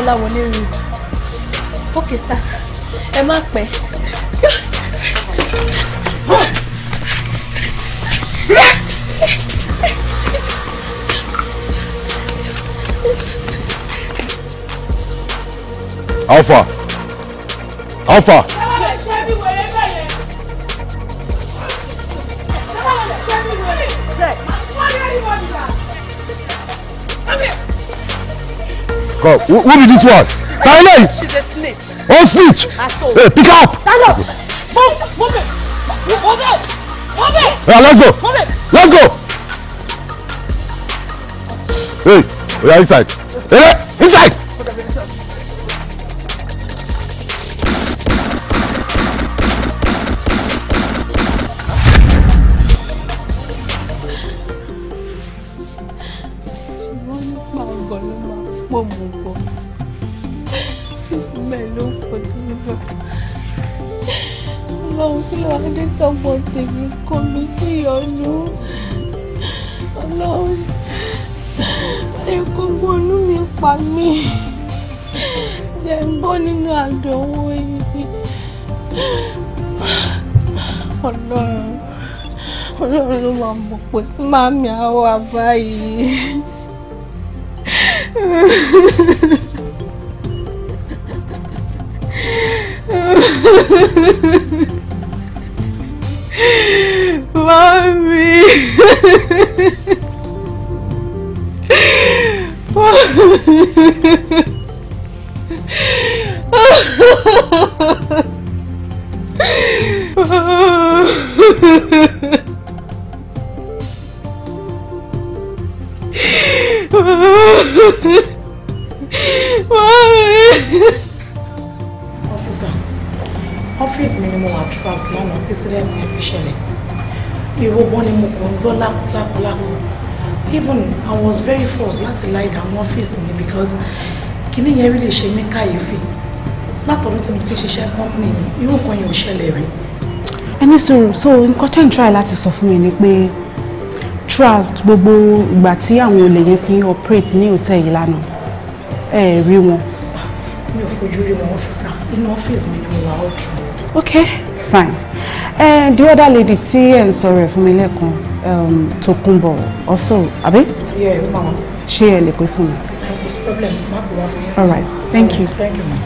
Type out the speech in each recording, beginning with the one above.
Kọ́láwọlé rí okay sir ẹ má pẹ́. Alpha. Alpha. Go. Who, who did this one? Tyler! She's a snitch. Oh, snitch! Ah, hey, pick up! Tyler! Move! Move it! Move it! Move it! Yeah, let's go! Move it! Let's go! Hey, we are inside. Hey! ọlọ́run kí ló adé tọ́gbọ́n tèmi kò mí sí ìyọnu ọlọ́run egungun olú mi pa mí jẹ́ ń bọ́ nínú àdánwò yìí ọlọ́run ọlọ́run ló máa mọ̀ pé tí màá mi àwọ̀ àbá yìí. Ha ha ha. Ha ha ha ha! because kìíní yẹn rí ṣe mí káyéfì látọ̀dún tí mo ti ṣiṣẹ́ company yìí irú nǹkan yẹn ò ṣẹlẹ̀ rí. ẹni sọ̀rọ̀ so nǹkan tẹ́ ń try láti sọ fún mi ni pé throughout gbogbo ìgbà tí àwọn olè yẹn fi operate ní hòtẹ́ẹ̀lì yìí lánàá ẹ rí wọn. mi ò fojú rí wọn ọ́fíìsì inú ọ́fíìsì mi ni mo wà ọ́ dùn. ok fine uh, the other lady tí ẹ̀ ń sọ̀rọ̀ ẹ̀ fún mi lẹ́ẹ̀kan um, Tòkunbọ̀ also àbí. ṣé ẹ lè pè fún mi problems all right thank you. thank you ma'am.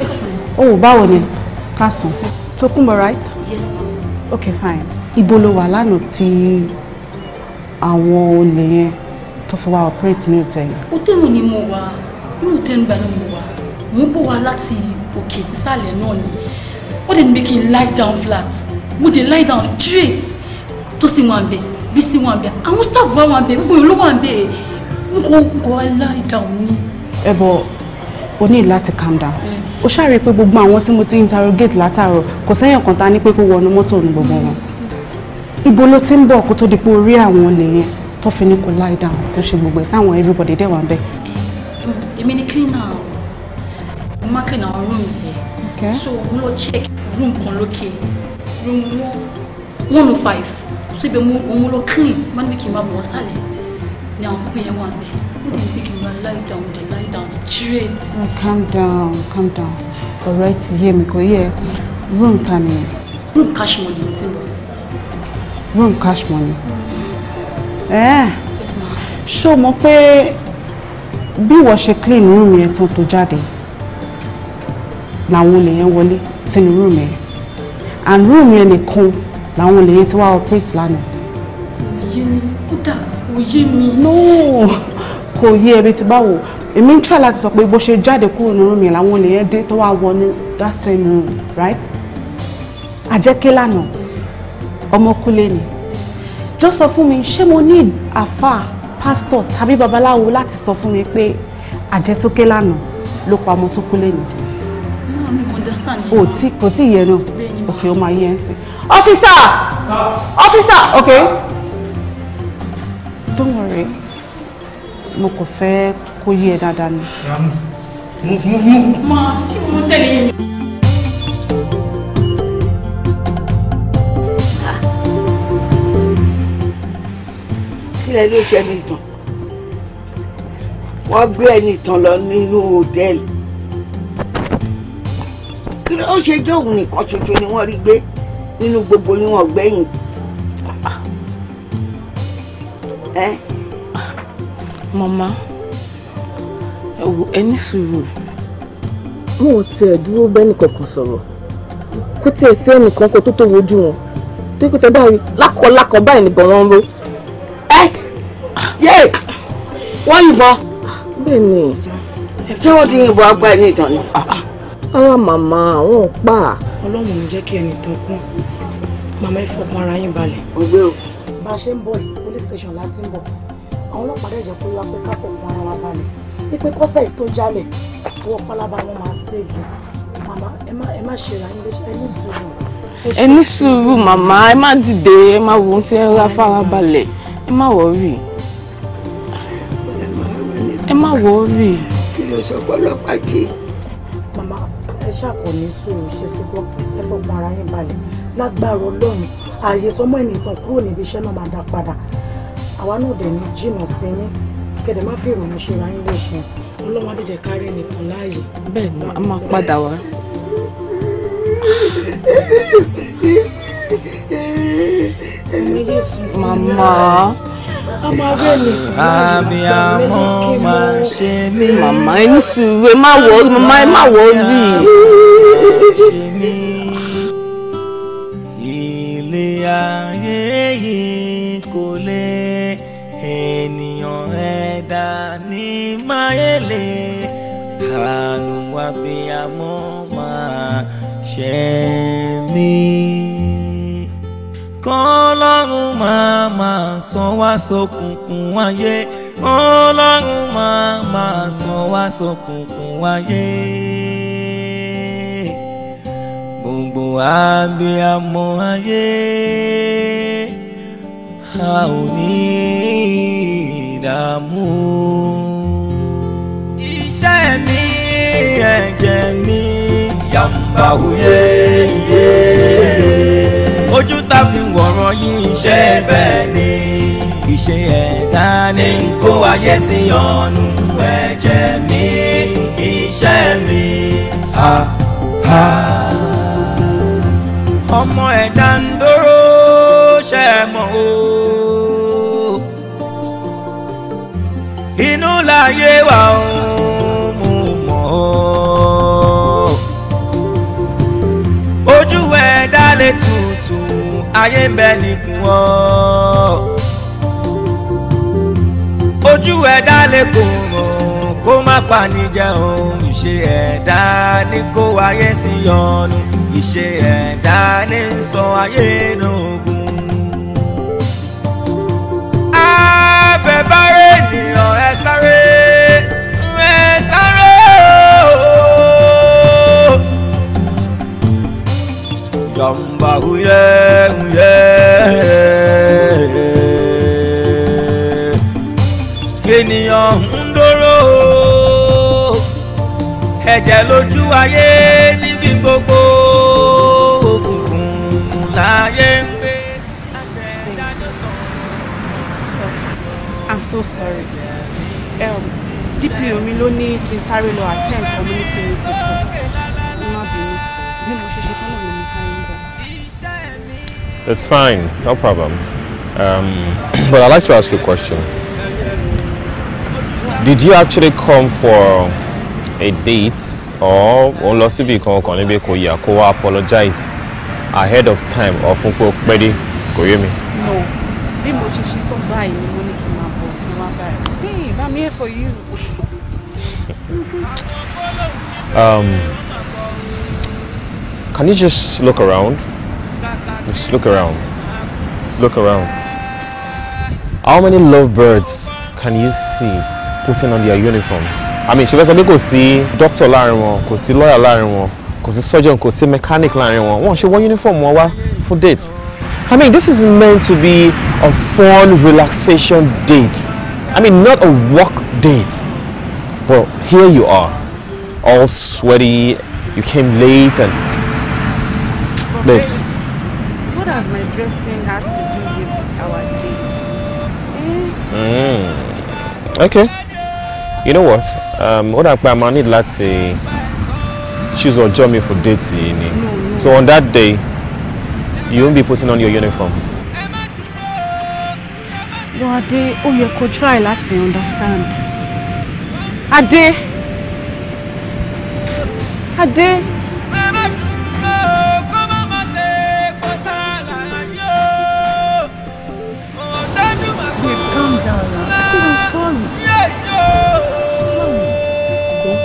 okay. oh báwo ni kásán Tókunbọ̀ right. yes ma'am. okay fine ibo ló wà lánàá tí àwọn olè tó fi wá operate ní òtẹ́lì. òtẹ́lì ni mo wà nínú tẹ́ǹgbà ni mo wà mò ń bọ̀ wá láti òkè sísàlẹ̀ náà ni wọ́n dẹ̀ ní kí n lie down flat mo dẹ̀ lie down straight tó sì wọn àbẹ̀ bí sí wọn àbẹ̀ àwọn staff wá wọn àbẹ̀ gbogbo ìlú wọn àbẹ̀ n kò kò wá lie down ni. ẹ bọ o ní láti calm down o ṣàrẹ pé gbogbo àwọn tí mo ti interrogate látàárọ̀ kò sẹ́yìn kan ta ni pé kó wọnú mọ́tò ní gbogbo wọn ibo ló ti ń bọ̀ kó tó di pé orí àwọn olè yẹn tó fi ní kò lie down kò ṣe gbogbo ẹ̀ táwọn everybody dẹ̀ wà ń bẹ̀. èmi ni cleaner mo máa clean àwọn rooms yẹn so mo lọ check room kan lókè room one o oh five so ibẹ̀ mo òun lọ clean má níbi kí n máa bọ̀ sálẹ̀ ni àwọn pípẹ́ yẹn wà ń bẹ̀ ó dẹ̀ níbi kí n máa lie down dẹ̀ lie down straight. Oh, calm down calm down ọ̀rọ̀ ẹ ti yé mi kò yé room ta nìyẹn. room cash money mo ti ń lọ. room cash money. Mm. Eh? ṣó mọ̀ pé bí wọ́n ṣe clean room yẹn tán tó jáde làwọn olè yẹn wọlé sínú room yẹn and room yẹn nìkan làwọn olè yẹn ti wá operate lánàá. òye mi kódà òye mi. no kò yé ẹbí ti bá wò èmi ń try láti sọ pé bó ṣe jáde kúrò ní room yẹn làwọn olè yẹn dé tó wá wọnú that same room right àjẹkẹ́ lánàá ọmọkúlé ni jọ sọ fún mi ṣé mo ní àáfàá pásítọ̀ tàbí babaláwo láti sọ fún mi pé àjẹtókè lánàá ló pa ọmọ tó kú lẹ́nu jẹ. o tí kò tí yẹ náà ok o máa yẹ ẹ sí. ọ́físà ọ́físà ok. don't worry mo kò fẹ́ kó yí ẹ dáadáa ni. move move move. ma ṣé mo tẹ̀lé yín. kílẹ̀ ló ṣẹlẹ̀ ìtàn wọ́n gbé ẹni ìtàn lọ nínú hòtẹ́ẹ̀lì kí ló ṣe jẹ́ òun nìkan ṣoṣo ni wọ́n rí gbé nínú gbogbo yín wọ́n gbẹ̀yìn ẹ́. màmá ẹwù ẹni sùúrù wọn ò tiẹ̀ dúró bẹ́ẹ̀ni kankan sọ̀rọ̀ kó tiẹ̀ sí ẹnìkan kan tó tó wojú wọn tó kí tẹ́ báyìí lákọ̀ọ́lákọ̀ọ́ báyìí ni bọ̀rọ̀ ń ro wọ́n yìnbọn. bẹ́ẹ̀ ni. ṣé wọ́n ti yìnbọn agbá ẹni ìtàn ni. ara màmá àwọn ò pa. ọlọ́run ò ní jẹ́ kí ẹni tán kún màmá ẹ fọkàn ara yín balẹ̀. ògbé o. bá a ṣe ń bọ̀ yìí police station láti ń bọ̀ àwọn ọlọ́pàá dẹ̀ jẹ́ pé wá pé ká fọkàn ara wa balẹ̀ wípé kọ́sẹ̀ yìí tó jálẹ̀ wọ́n pálábá wọn máa ṣègbè màmá ẹ má ṣe ra ilé ẹ ní sùúrù. ẹ ní sùúrù màmá ẹ má dìde ẹ má wo ohun tí ẹ rá fara ẹ má wọ̀ọ́rì ẹ má wọrí. kí ló sọ pọlọpàá kí. màmá ẹ ṣàkó ní sùúrù ṣe ti gbọ́ ẹ fọkàn ara yín balẹ̀ lágbára Ọlọ́run ààyè tọmọ ènìyàn kúrò níbi iṣẹ́ náà máa dá padà àwa náà dẹ̀ ní jìnnà sí yín kẹ̀dẹ̀ má fi ìrònú ṣe ra yín léṣe Ọlọ́run adéjẹ kárí nìkan láàyè. bẹ́ẹ̀ ni a máa padà wá. màmá àbíàmọ máa ṣe mí. màmá ẹ ní sùúrù ẹ má wọ màmá ẹ má wọ rí i. ilé ayé yìí kò lè ènìyàn ẹ̀dá ní máyélé àánú àbíàmọ máa ṣe mí kọ́lọ́run máa máa sọ wá sókùnkùn ayé kọ́lọ́run máa máa sọ wá sókùnkùn ayé. gbogbo abiyamọ ayé a ò ní ìdààmú. iṣẹ́ mi ẹ̀jẹ̀ mi yàmbá òye ojú tá fi wọ̀rọ̀ yìí ṣe bẹ́ẹ̀ ni ìṣe ẹ̀dá ni kó ayé sí ọ̀nù ẹ̀jẹ̀ mi iṣẹ́ mi. Ha, ha. ọmọ ẹ̀dá ń dúró ṣe mọ̀ o. inú láyé wa ò mú mọ́ o. ayé ń bẹ nìkún ọ. ojú ẹ̀dá lè kò hàn kó má panijẹ́ òun ìṣe ẹ̀dá ní kó ayé sí yọnu ìṣe ẹ̀dá ní sọ ayé lóògùn. abẹ́bárẹ̀ ènìyàn ẹ sáré. jọmba huyẹ huyẹ ènìyàn ń dóró ẹ̀jẹ̀ lójú ayé níbi gbogbo òkùnkùn láyé ń gbé àṣẹ dájọ́ tán. I'm so sorry. Um, DPO mi ló ní kí n sáré lọ attend It's fine, no problem. Um, but I'd like to ask you a question. Did you actually come for a date or òun lọ síbi kan kan níbi kò yà kó wá apologize ahead of time or fún pé ó pẹ́ dé kò mi. No, bí mo ṣe ṣe tó báyìí ni mo ní kí n máa bọ̀ kí n máa bá rẹ̀. Babe, I'm here for you. um, can you just look around? Just look around. Look around. How many lovebirds can you see putting on their uniforms? I mean, she was able to see doctor Larry wọn, kò sí lawyer láàrin wọn, kò sí surgeon, kò mechanic Larry wọn. Wọ́n she wore uniform wọn for dates? I mean, this is meant to be a fun relaxation date. I mean, not a work date. But here you are, all sweaty, you came late and... Babes. What has my dressing has to do with our date? Mm. Okay. You know what? Um, ó dà pé a máa need láti choose ọjọ́ mi for dates, yìí ni. So on that day, you won't be putting on your uniform. Yo, Ade, ó yẹ kó try láti understand. Ade! Ade!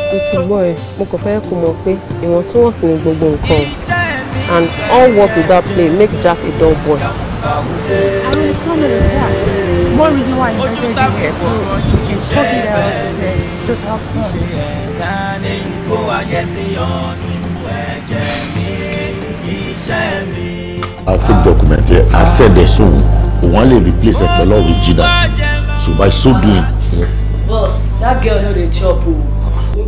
mo ti gbọ́ ẹ mo kàn fẹ́ kó mọ̀ pé ìwọ̀ntúnwọ̀nsì ni gbogbo nǹkan and all work without play make Jack a dull boy. I mean, it's More reason why I invited you here so you can show me that uh, just have fun. I'll fit document here. I said there soon. One lady replace it for love So by so doing. Boss, that girl know they chop. Oh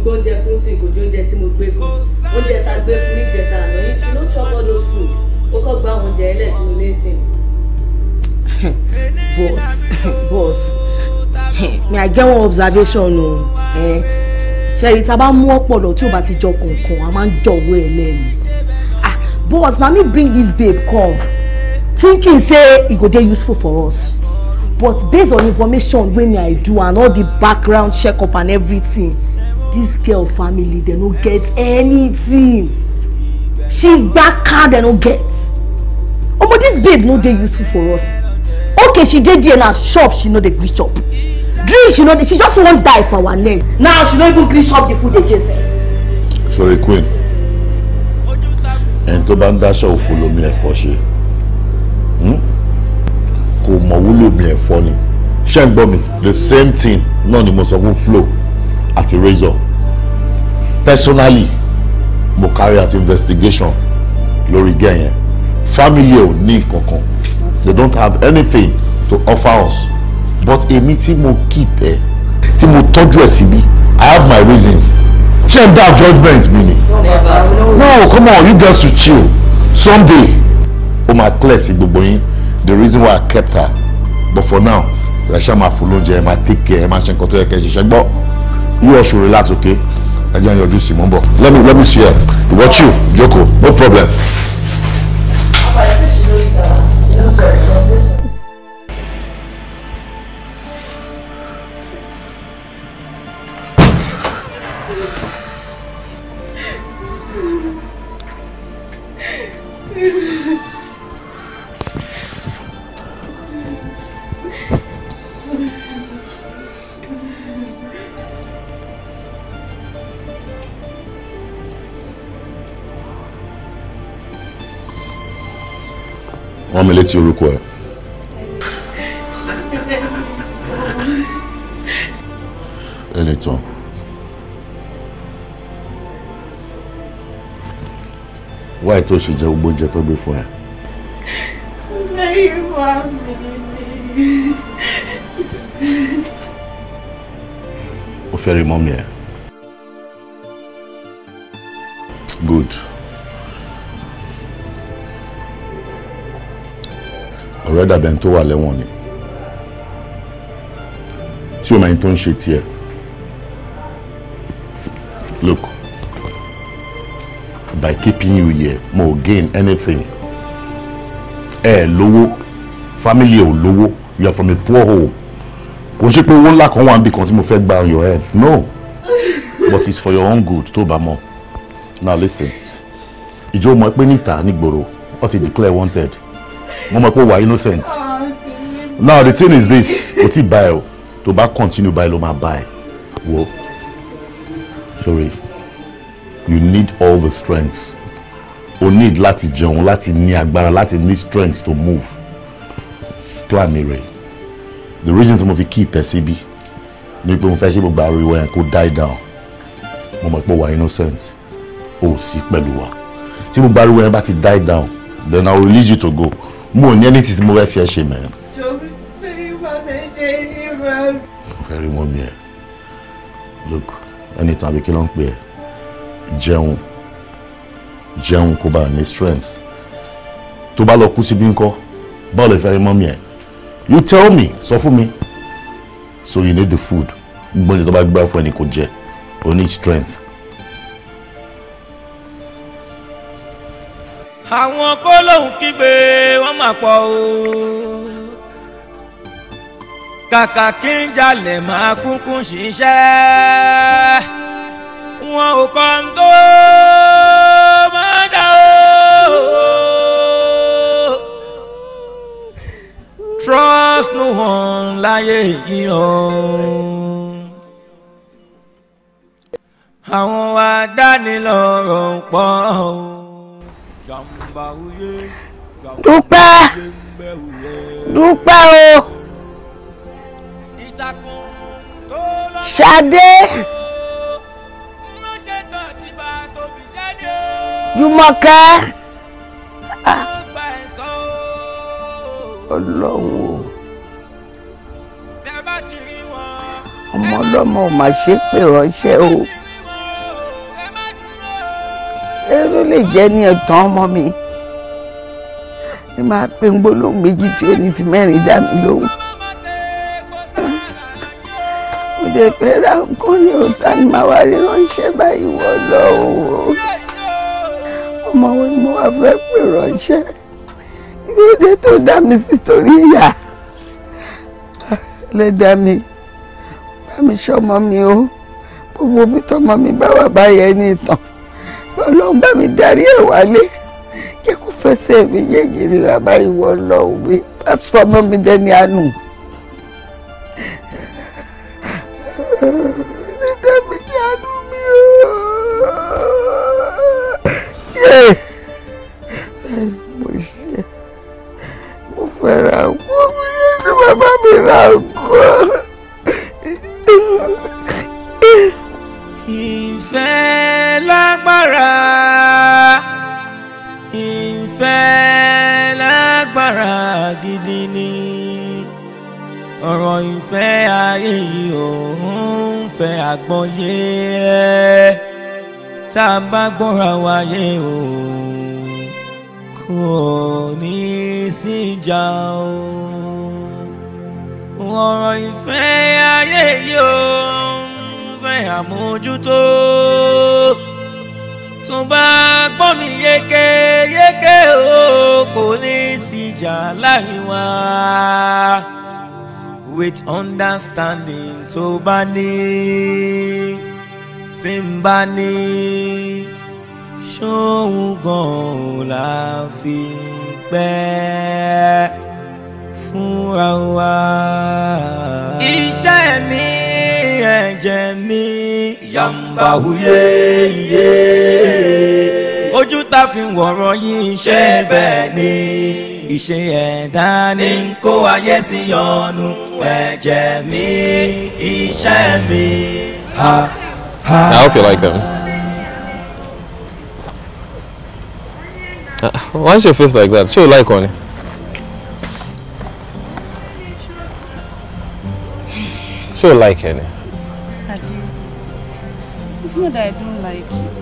gbóúnjẹ fún sí kò jóúnjẹ tí mo gbé fún oúnjẹ tá gbé fún níjẹta àná yìí she no chop all those food ó kọ́ gba oúnjẹ ẹlẹ́sìn ilé ìsìn. boss boss mi i get one observation o eh? ṣẹ́yìn tá a bá mú ọ̀pọ̀lọ̀ tí ò bá ti jọ kọ̀ọ̀kan a máa ń jọ̀wọ́ ẹ lẹ́nu ah boss na me bring this babe come thinking say e go dey useful for us but based on information wey me i do and all the background check up and everything dis girl family dem no get anything she gba car dem no get omo this babe no dey useful for us okay she dey there na shop she no dey gree chop drink she no dey she just wan die for our leg now she no even gree chop the food again sef. sorry queen ẹni tó bá ń dáṣọ òfò lomi ẹ̀fọ́ ṣe hmm? kò mọ̀ wúlò mi ẹ̀fọ́ ni ṣé ń gbọ́ mi the same thing náà ni mo sọ fún Flo àti razor personally mo carry out investigation lórí gẹ̀yẹn family ò ní kankan they don't have anything to offer us but èmi tí mo keep ẹ tí mo tọ́jú ẹ síbí i have my reasons ṣé n dá judgement mi ni no come on you guys to chill someday o ma clear sí gbogbo yín the reason why i kept her but for now ẹ ṣá máa fún lóúnjẹ ẹ máa take care ẹ máa ṣe nǹkan tó yẹ kẹ́ ṣiṣẹ́ gbọ́ you all should relax okay ẹ jẹ́ yanjú sí see bọ̀ let me let me see her ìwọ chill jókòó no problem. rántí orúkọ ẹ. ẹ lè tán. wáyé tó ṣe jẹ gbogbo oúnjẹ tó gbé fún ẹ. lẹ́yìn wá mi ni. ó fẹ́ rí mọ́mí ẹ. good. ọ̀rẹ́ dàbẹ̀ tó wà lẹ́wọ̀n ni tí o mọ ẹni tó ń ṣe tiẹ̀ look by keeping you here mo gain anything ẹ ẹ lówó family ò lówó you are from a poor home kò ṣe pé owó ńlá kan wà níbi kan tí mo fẹ́ gba your head no but it's for your own good tó bá mọ̀ now listen ìjọ mọ̀ pé níta nígboro ó ti declare wanted mo mọ̀ pé wà innocent now the thing is this kò tí ì bá ẹ o tó bá continue báyìí ló máa bá wo sorry you need all the strength o need láti jẹun láti ní agbára láti need strength to move plan rẹ the reason to mo fi keep ẹ síbi ni pé mo fẹ́ ṣe gbogbo ariwo yẹn kó die down mo mọ̀ pé wà innocent o ò sí pẹ̀lú wa tí gbogbo ariwo yẹn bá ti die down then i will release you to go mo ní ẹni tí mo fẹ́ fi ẹ ṣe mẹ́rin. torí pé ìwà ẹ̀jẹ̀ yìí rẹ̀. mo fẹ́ rí mọ́mí ẹ̀ look ẹni tán àbí kí ló ń pè ẹ́ jẹun jẹun kó bá ní strength tó bá lọ kú síbí ńkọ́ báwo lè fẹ́ rí mọ́mí ẹ̀ you tell me sọ fún mi so you need the food gbọ́n ní tó bá gbá fún ẹni kò jẹ o need strength àwọn kó lóhùn kígbe wọ́n mà pọ̀ o kàkà kí n jalè máa kúkú ṣiṣẹ́ wọn ò kọ́ ń tó máa dà o. trust no one láyé yìí o àwọn wa dánilọ́rọ̀ pọ̀ o dúpẹ́ dúpẹ́ o ṣadé jùmọ̀kẹ́ ọlọ́run o ọmọ ọlọ́mọ ò má ṣe pé ránṣẹ́ o. Èrò lè jẹ́ ní ẹ̀tàn ọmọ mi ẹ máa pe ń gbólóhùn méjì tí ó ní fi mẹ́rin dá mi lóhùn. mo dé pé ra nǹkan yóò ta ni màá wá rí ránṣẹ́ báyìí wọ́n lọ́wọ́ ọmọ wo ni mo wá fẹ́ pè ránṣẹ́ ìròdé tó dá mi sí torí ìyá lẹ́dá mi bá mi ṣọmọ mi o gbogbo bí tọmọ mi bá wà báyẹn ní ìtàn ọlọ́run bá mi darí ẹ̀ wálé fẹsẹ̀ mi yéyèrè bàbá ìwọ lọ òwe bá sọmọ mi dẹni àánú. dídá mi ní àánú mi ooo. mo ṣe mo fẹ́ràn àwọn ọmọ yẹn ní bàbá mi ra ògùn. fẹ́ àgbọ́yé ẹ̀ tá a bá gbọ́ra wáyé o kò ní síjà o ọ̀rọ̀ ìfẹ́ ayé yóò fẹ́ àmójútó tó bá gbọ́ mi yéké yéké o kò ní síjà láàrin wa with understanding tó bá ní tí ń bá ní ṣóun gan-an la fi ń pẹ́ fúnra wa. iṣẹ́ mi ẹ̀jẹ̀ mi yàmbá wuyé yé ojú tá a fi wọ̀rọ̀ yìí ṣe bẹ́ẹ̀ ni ìṣe ẹ̀dá ni ń kó ayé sí ọ̀nù ẹ̀jẹ̀ mi iṣẹ́ mi. I hope you like them. Uh, why is your face like that? Show like one? it. Show like any. I do. It's not that I don't like it.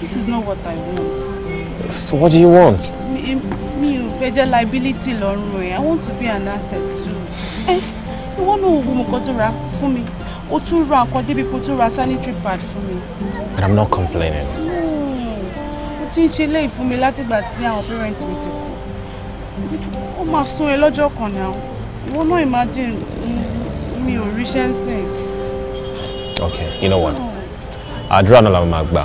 This is not what I want. So what do you want? fẹ́ jẹ́ liability lọ́rùn ẹ̀ I want to be an asset too. ẹ ìwọ náà wo nǹkan tó ra fún mi o tún ra nǹkan débi kó tó ra sanitary pad fún mi. But I'm not complaining. Hmm. o ti ń ṣe léyìí fún mi látìgbà tí àwọn parents mi ti kú ó máa sún ẹ lọ́jọ́ kan náà ìwọ náà imagine mm, mi ò ríṣẹ́ ń sìn. okay you know what àdúrà náà làwọn máa gbà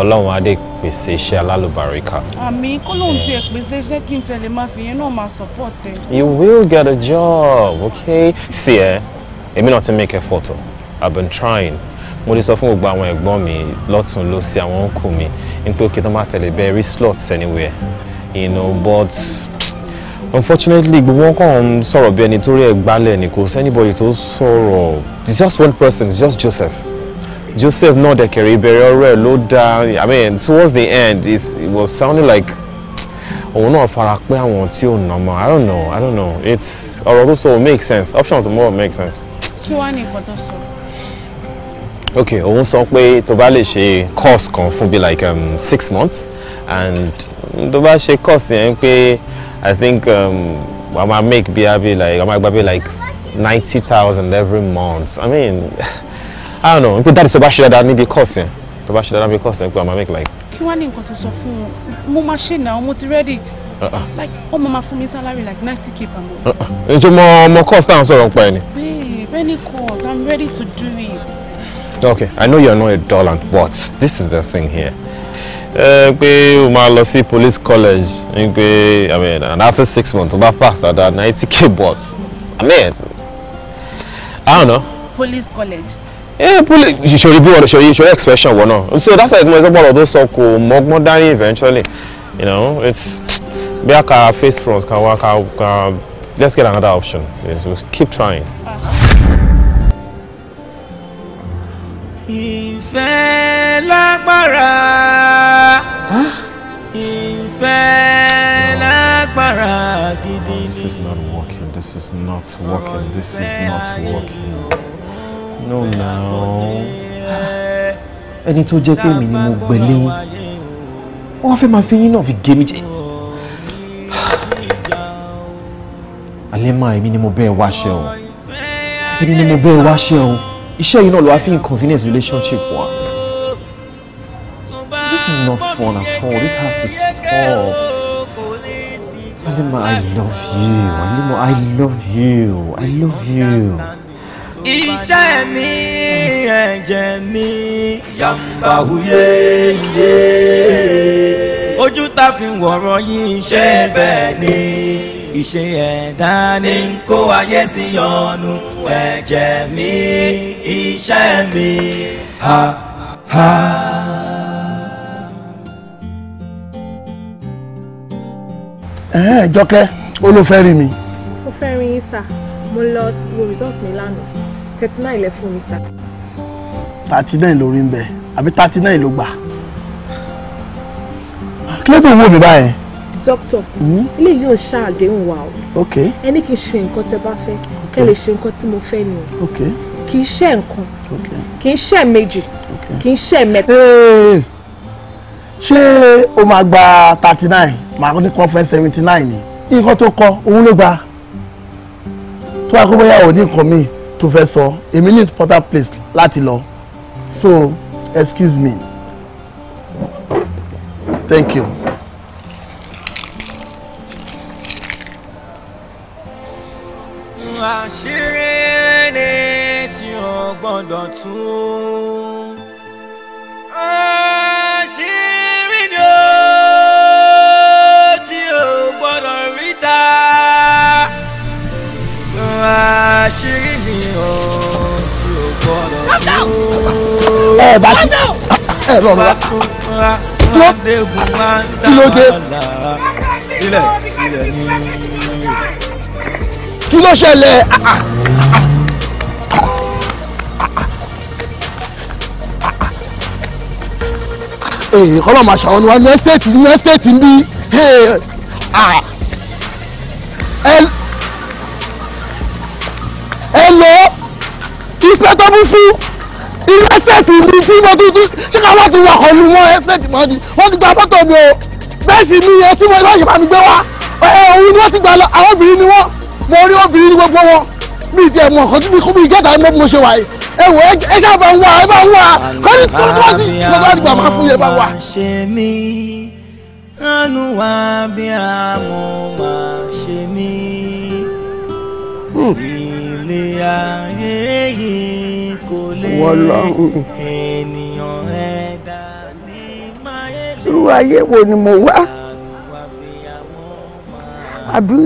ọlọ́run adé pèsè iṣẹ́ alálùbáríkà. àmì kó lóun tiẹ̀ pèsè iṣẹ́ kí n tẹ̀lé máa fi yẹn náà máa support you will get a job okay. sí ẹ eh, èmi náà ti make effort i've been trying mo ti sọ fún gbogbo àwọn ẹ̀gbọ́n mi lọ́tún ló sí àwọn ọkọ mi n pé òkè tó máa tẹ̀lé bẹ́ẹ̀ rí slots anywhere you know but unfortunately gbogbo wọn kàn ń sọ̀rọ̀ bí ẹni tó rí ẹ̀ gbálẹ̀ ni kò sẹ́nibọ̀dì tó sọ̀rọ̀ it's just one person it's just Joseph. Joseph náà dẹ̀kẹ̀rẹ̀ ìbẹ̀rẹ̀ ọ̀rọ̀ ẹ̀ ló dáa I mean towards the end it was sounding like òun náà fara pé àwọn tí ò nà mọ́ I don't know I don't know it's ọ̀rọ̀ tó sọ will make sense option tó mọ̀ make sense. kí wàá ní nǹkan tó sọ. ok òun sọ pé tó bá lè ṣe course kan fún bí like um, six months and tó bá ṣe course yẹn pé I think um, I ma make bí i like I ma gba bí like ninety thousand every month I mean. I don't know pé dáàdì sọ bá ṣe dáadáa níbi course yẹn tó bá ṣe dáadáa níbi course yẹn pé I make like. kí wàá ní nǹkan tó sọ fún un mo máa ṣe náà mo ti ready uh-uh. like ó máa fún mi salary like ninety k per month. ǹjẹ́ uh-uh. mo mo course táwọn sọ̀rọ̀ ń pa ẹ̀ ni. babe any course I'm ready to do it. okay I know you're not a dullard but this is the thing here eh, pé o máa lọ sí police college ní pé i mean and after six months o bá pass that ninety k but i mean i don't know. police college ẹ púlẹ̀ ìṣòrí bí ọ̀rọ̀ ìṣòrí ìṣòrí expression wọ̀ náà so that's why mo sọ pé ọ̀rọ̀ so. sọ kò mọ́gbọ́n eventually you know it's bí a ka face fronts can work out. ka let's get another option yes, we'll keep trying. ìfẹ́ this is not working this is not working this is not working no no. ẹni tó jẹ́ pé mi ni mo gbẹ̀lé yín wọ́n fẹ́ máa fi yín náà fi gé mi jẹ́ alẹ́ máa èmi ni mo bẹ́ẹ̀ wáṣẹ́ o èmi ni mo bẹ́ẹ̀ wáṣẹ́ o iṣẹ́ yìí náà ló fi inconvenience relationship wa this is not fun at all this has to stop. Alima, I love you. Alima, I love you. I love you iṣẹ́ mi ẹ̀jẹ̀ mi yàmbá huye iye ojú tá fi wọ̀rọ̀ yìí ṣe bẹ́ẹ̀ ni ìṣe ẹ̀dá ni ń kó ayé sí yọnu ẹ̀jẹ̀ mi iṣẹ́ mi ha ha. ẹ̀ẹ́n jọkẹ́ ó rí mi. ó fẹ́ rí yín sà mo lọ wo result mi lánàá thirty nine lẹ fún mi sá. thirty nine lórí ń bẹ àbí thirty nine ló gbà kí ló tó wò mí báyẹn. dókítà hmm? ilé yìí ò ṣàdéhùn wa o ẹ ní kí n ṣe nǹkan tẹ bá fẹ́ kẹ lè ṣe nǹkan tí mo fẹ́ ni o kì í ṣe nǹkan kì í ṣe méjì kì í ṣe ṣé o máa gba thirty nine màá ní kọ́ fẹ́ seventy nine ni nǹkan tó kọ òun ló gba tó bá kó bóyá ò ní nǹkan míì To fẹ́ sọ èmi ní important place láti lọ so excuse me thank you. àṣírí ẹni tí ó gbọ́dọ̀ tún àṣírí ni ó ẹ bá ti ẹ bọ̀ wá tó kí ló dé kí ló ṣẹlẹ̀ ee eh, kọ́lọ́ máa ṣàwọn ni wá ní ẹ́stéètì ní ẹ́stéètì ń bí eh, ah. ẹ lọ inspector bufu ìrẹsẹ̀sì mi tí mo tuntun ṣé ká wọ́n ti wọkọ̀ lu mọ́ ẹsẹ̀tì mọ́ ni wọ́n ti gba mọ́tò mi o bẹ́ẹ̀sì mi yẹn tí mo lọ́ọ́ yìí mi gbé wá òun ni wọ́n ti gbà lọ àwọn obìnrin ni wọ́n mo rí obìnrin ní gbogbo wọn mi ti ẹ̀ mọ̀ ọ̀kan tí mi kú mi gẹ́ta ẹ̀ mo ṣe wà yìí ẹ wò ẹ ṣàbà ń wà ẹ bá ń wà kọ́ tó wọ́n ti mo tó wá máa fún yẹn bá wà. Anu wa bí àmọ́ máa ṣe mí hmm. ilé wọlọ́run irú ayé wo ni mo wá àbí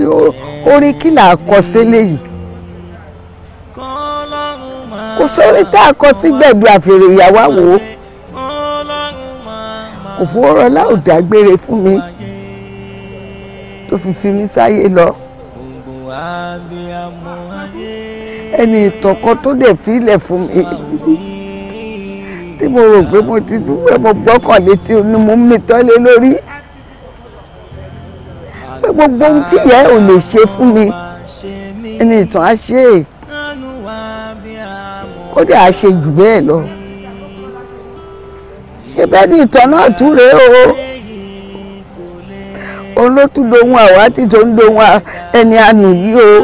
orin kí là á kọ sílẹ̀ yìí kò sórí tá a kọ sí gbẹ̀gbẹ̀ àfèrè ìyàwó àwò kò fọwọ́rọ́ láò dágbére fún mi tó fi fi mi sáyé lọ. ẹni ìtọ̀kan tó dẹ̀ fílẹ̀ fún mi tí mo rò pé mo ti dúpẹ́ mo gbọ́kàn létí ni mo ń mitọ́ lé lórí pé gbogbo ohun tí ìyá ò lè ṣe fún mi ẹni ìtàn á ṣe é kódà á ṣe jù bẹ́ẹ̀ lọ ṣe bẹ́ẹ̀ ni ìtàn náà tún rèé o òun ló tún dohun àwa tí tó ń dohun ẹni àánú yìí o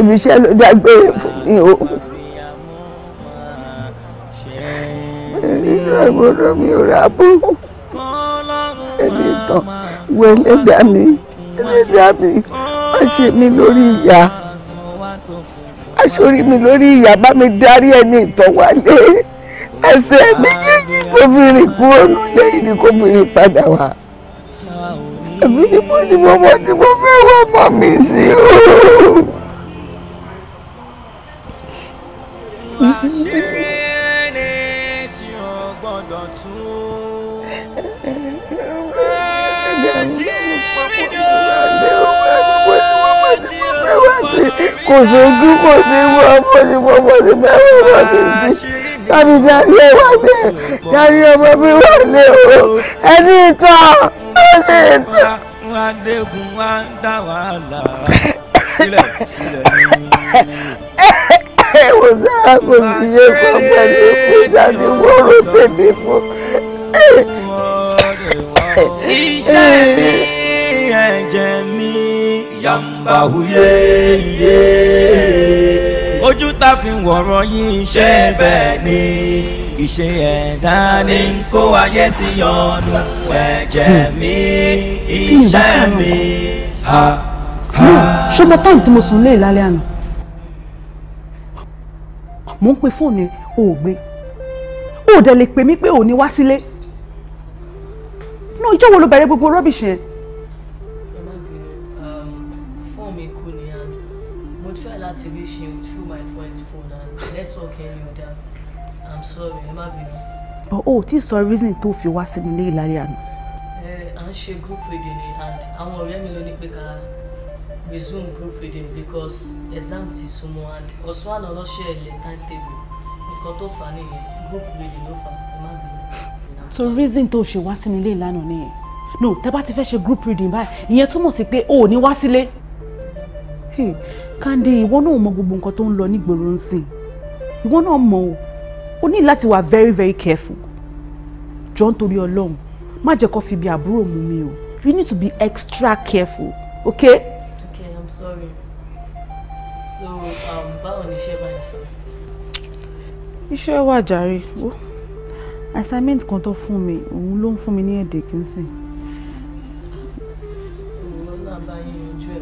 ibi iṣẹ́ ló dágbére fún mi o. nínú àgbọ̀dọ̀ mi ò rà bó ẹni tán ìwé ẹlẹ́dàá mi ẹlẹ́dàá mi má ṣe mí lórí ìyá aṣorí mi lórí ìyá bá mi darí ẹni ìtàn wálé ẹsẹ̀ méjèèjì tó fi rìn kúrò lẹ́yìn ni kò fi rìn padà wá èmi ni mo ní mo mọ tí mo fẹ́ wá mọ́ mi sí o. àṣírí ẹni kò sí wọ ọmọ ní gbogbo sí mẹ́rin náà ti sí tàbí jáde ẹwà lé jáde ọmọ mi wà lé o ẹni ìtọ́ ẹni ìtọ́. adégún wa dá wàhálà sílẹ̀ sílẹ̀ ẹ̀wọ̀n sáà kò sí yẹ kó pẹ̀lú ìpínjà ní wọ́rọ̀ tèmi fún. iṣẹ́ mi ẹ̀jẹ̀ mi yàmbá wuyé yé ojú tá fi wọ̀rọ̀ yìí ṣe bẹ́ẹ̀ ni ìṣe ẹ̀dá ni kó ayé sí ọ̀nù ẹ̀jẹ̀ mi iṣẹ́ mi. ṣé mo tán tí mo sùn lé ìlàlẹ́ àná mò ń pe fóònù ẹ o ò gbé o ò dẹ̀ lè pè mí pé o ò ní wá sílé náà ìjọ wo ló bẹ̀rẹ̀ gbogbo rubbish yẹn. Um, through my friend's phone and network ẹni ò dá i'm sorry ẹ má bínú. but o ò tí ì sọ reason tó fi wá sí ilé ìlàlẹ́ àná. ẹ à ń ṣe group reading ni and àwọn ọ̀rẹ́ mi ló ní pé ká resume group reading because exam ti súnmọ́ and ọ̀sán àná lọ́ṣẹ́ ilẹ̀ timetable nǹkan tó fà á nìyẹn group reading ló fà á má bínú. so reason tó ṣe wá sínú ilé ìlànà nìyẹn no tẹ bá ti fẹ́ ṣe group reading báyìí ìyẹn túmọ̀ sí pé o ò ní wá sílé Kande ìwọ náà mọ gbogbo nǹkan tó ń lọ nígboro ń sìn ìwọ náà mọ o o ní láti wà very very careful jọ nítorí Ọlọ́run má jẹ́ kó fi bí àbúrò mú mi o you need to be extra careful okay sorry so um, báwo ni iṣẹ́ bá ń sọ. iṣẹ́ wà jàre assignment kan tó fún mi òun ló ń fún mi ní èdè kìnsìn. òun náà bá yín yanjú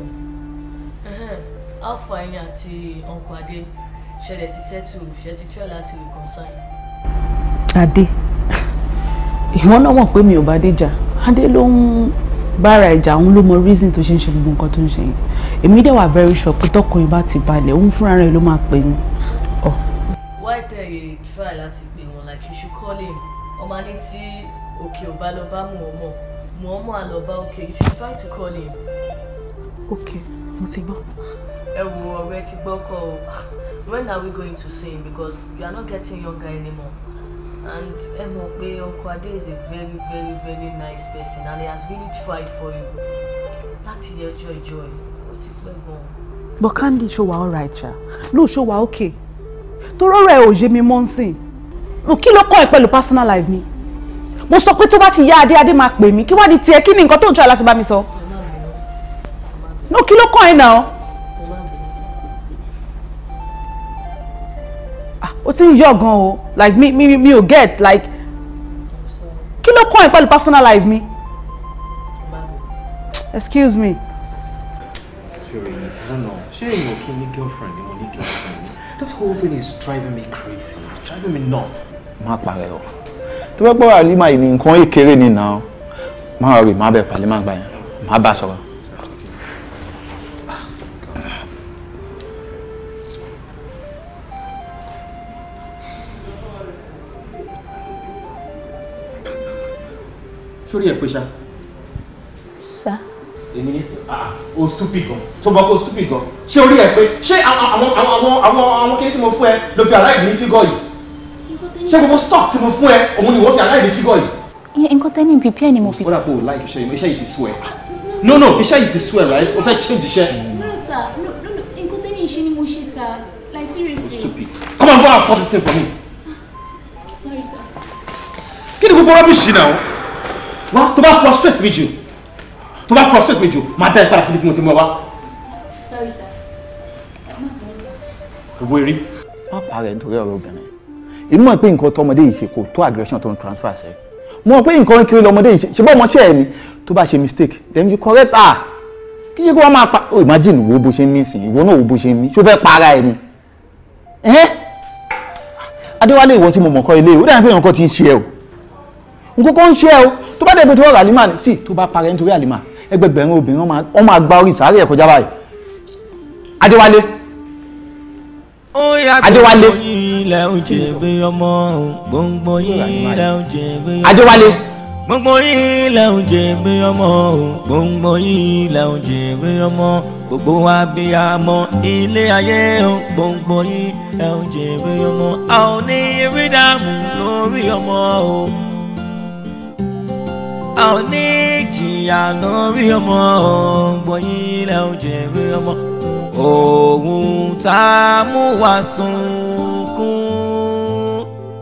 ẹ̀ how far yín àti uncle Adé ṣẹlẹ̀ ti settle ṣe ti try láti reconcile. Adé ìwọ náà mọ̀ pé mi ò bá dé jà Adé ló ń bára ìjà òun ló mọ reason tó ṣe ń ṣe gbogbo nǹkan tó ń ṣe yìí èmi dẹ̀ wà very sure pé tọkọ yín bá ti balẹ̀ òun fúnra rẹ̀ ló máa pè mí. Oh. why tell you try láti pè wọn like you should call him ọmọ ní tí òkè ọba lọ bá mú ọmọ mú ọmọ àlọba òkè you should try to call him. ok mo ti gbọ́. ẹ wo ọ̀rẹ́ ti gbọ́ kọ́ o when are we going to see him because you are not getting younger anymore and ẹ mọ̀ pé ọkọ adé is a very very very nice person and he has really tried for you láti yẹ ọjọ́ ìjọ yìí but can't ṣó wa alright ṣá No show wa okay tó rọrọ ẹ ò yé mi mọ́ ń sìn mo kí ló kọ́ ẹ pẹ̀lú personal life mi mo sọ pé tó bá ti ya adé adé máa pè mí kí wá di tiẹ̀ kí ni nǹkan tó ń tọ́ láti bá mi sọ. no kí ló kọ́ ẹ náà. Ah, ó ti ń yọ̀ gan o like me me me ò get like kí ló kọ́ ẹ pẹ̀lú personal life mi excuse me ṣé èèyàn kí girlfriend ni mo girlfriend this whole thing is driving me crazy it's driving me nuts. má parẹ́ o tó bá gbọ́ àlímà yìí ni nǹkan ìkéré ni náà má rọrì má bẹ̀rẹ̀ pàlẹ́ má gbà yẹn má bá sọ̀rọ̀. sórí ẹ̀ pé ṣá. ṣá èmi ah, ah, o stupid gan tó bá kó stupid gan ṣé orí ẹ pé ṣé àwọn àwọn àwọn àwọn kí ni tí mo fún ẹ ló fi aláìní ní fígọ yìí ṣé gbogbo stock tí mo fún ẹ òun ni wọ́n fi aláìní ní fígọ yìí. nǹkan tẹ́ni bíbí ẹ̀ ni mo fi. ó dà pé o láì iṣẹ́ iṣẹ́ yìí ti sú ẹ ah, no no iṣẹ́ yìí ti sú ẹ right o fẹ́ change iṣẹ́. no sir no no nǹkan tẹ́ni iṣẹ́ ni mo ṣe sir like seriously. stupid come on go and sort this thing for me. Ah, sorry sir. kí ni gbogbo rọ́bìṣì náà wá tó bá frustrate mi jù tó bá frustrate mi jù máa dá ìpadà síbi tí mo ti mú ẹ wá. sorry sir owó rí. má parẹ́ nítorí ọ̀rọ̀ obìnrin inú ẹ̀ pé nǹkan tọmọdé yìí ṣe kò tó aggression tó ń transfer ṣe mọ̀ pé nǹkan kiri lọmọdé yìí ṣe bọ́ ọmọ ṣe ẹ̀ ni tó bá ṣe mistake then you correct her kí ṣe kí wọ́n máa pa oh imagine wo bó ṣe ń mí sìn ìwọ náà wo bó ṣe ń mí ṣó fẹ́ para ẹ̀ ni. adéwálé ìwọ tí mo mọ̀ kọ́ ilé ó dàbí pé nǹkan ti ń ṣe ẹ o nǹkan kan ń ṣe ẹ o tó bá dẹ̀ bí tó rọ̀ àlìmá sí tó bá para ẹ̀ nítorí àlìmá ẹgbẹgbẹ̀rún obìnrin wọ́n máa gba orí sàárè ẹ̀ kọjá báyìí adéwálé adéwálé adéwálé gbogbo yìí lẹ jẹ bí ọmọ gbogbo yìí lẹ jẹ bí ọmọ gbogbo wa bí a mọ ilé ayé gbogbo yìí lẹ jẹ bí ọmọ a ò ní lórí ọmọ o a ò ní jìyà lórí ọmọ gbọ̀nyìn ilẹ̀ òjèrè ọmọ òun tá a mú wá sunkún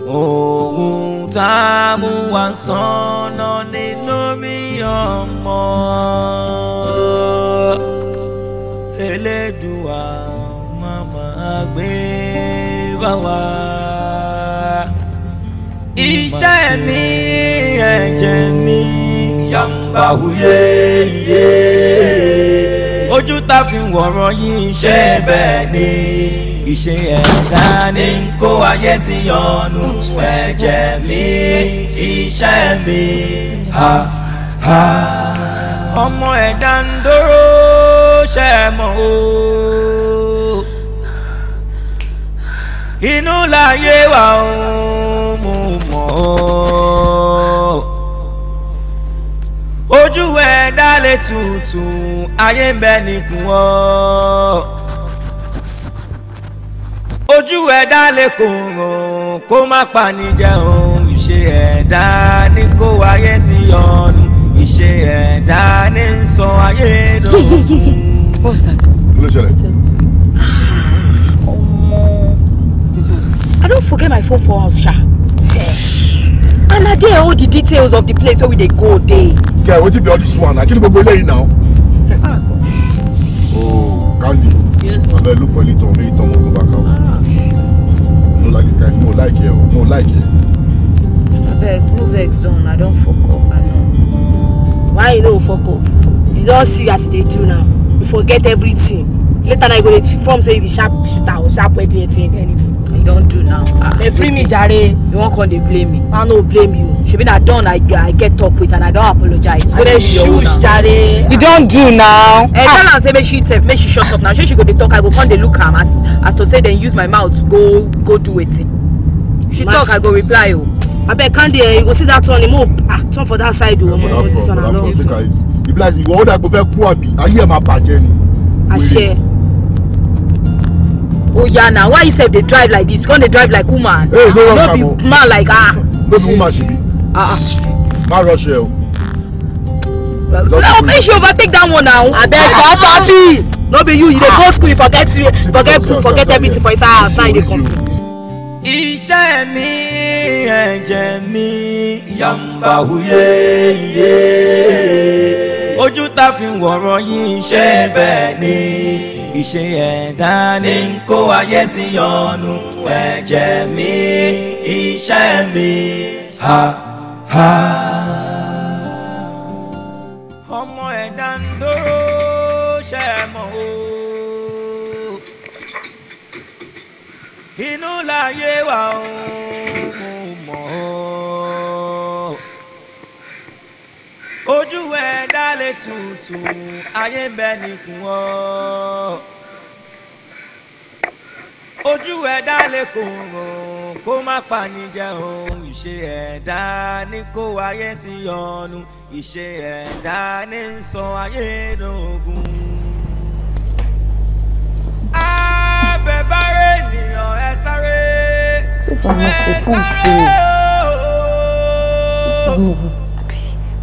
òun tá a mú wá sọnà ní lórí ọmọ Elédùà màmá gbé bá wa iṣẹ́ mi bàwúyé yé. ojú tá fi wọ̀rọ̀ yìí ṣe bẹ́ẹ̀ ni ìṣe ẹ̀dá ni ń kó ayé sí ọ̀nù ẹ̀jẹ̀ mi iṣẹ́ mi. ha ha. ọmọ ẹ̀dá ń dúró ṣe é mọ́ o inú láyé wa ó mú mọ́ ọ́. lè tuntun ayé ń bẹ nìkún ọ. ojú ẹ̀dá lè kòrò kó má panijẹ́ òun ìṣe ẹ̀dá ní kó ayé sí ọ̀nù ìṣe ẹ̀dá ní ń sọ ayé lòun. I don't forget my phone for house sha. And I dey all the details of the place where we they go dey. Okay, what you be all this one? I can't go lay now. oh, candy. Yes, boss. I better look for it little it on go back house. Ah. No like this guy, no like here, no like here. I beg, no vex down. I don't fuck up. I know. Why you don't fuck up? You don't see as they do now. You forget everything. Later I go to form say you be sharp shoot out, sharp wedding anything. You don't do now. Ah, they free me, Jare. You won't come they blame me. I no blame you shebi na don i i get talk with and i don apologize wetin be your own now. you don do now. Eh, tell ah. am say make she sef make she shut up now shey she go dey talk i go come dey look am as as to say dem use my mouth go go do wetin she talk i go reply o. Oh. abeg kandi eh you go see that one eh, mo ah turn for that side o oh, omo omo this one na long. ibi la ìwọ ó dàgbò fẹ́ kú àbí ayé ẹ̀ máa bàjẹ́ ni. àṣẹ. oya oh, na why you sef dey drive like this you come dey drive like woman. Hey, no, ah, no be man like ah. no be woman she be. Ah, ah. má rush ẹ o. now make overtake that one now. abeg shut up be no be you you dey go school you forget forget food forget everything for inside house now you dey mi ẹ̀jẹ̀ mi yàmbá huye ye. ojú tá fi wọ̀rọ̀ yìí ṣe bẹ́ẹ̀ ni ìṣe ẹ̀dá ní ń kó ayé sí ọ̀nù mi iṣẹ́ mi. Ha. Ah. ọmọ ẹ̀dá ń dóró ṣe é mọ̀ o inú láyé wà ó mo mọ̀ ọ́ ojú ẹ̀dá lè tutù ayé bẹ́ẹ̀ nìkún ọ́ ojú ẹ̀dá lè kòrò kó má panijẹ́ ohun ìṣe ẹ̀dá ní kó ayé sí ọ̀nù ìṣe ẹ̀dá ní sọ ayé lóògùn. abẹ́bárẹ̀ ènìyàn ẹ sáré ẹ sáré ooo mo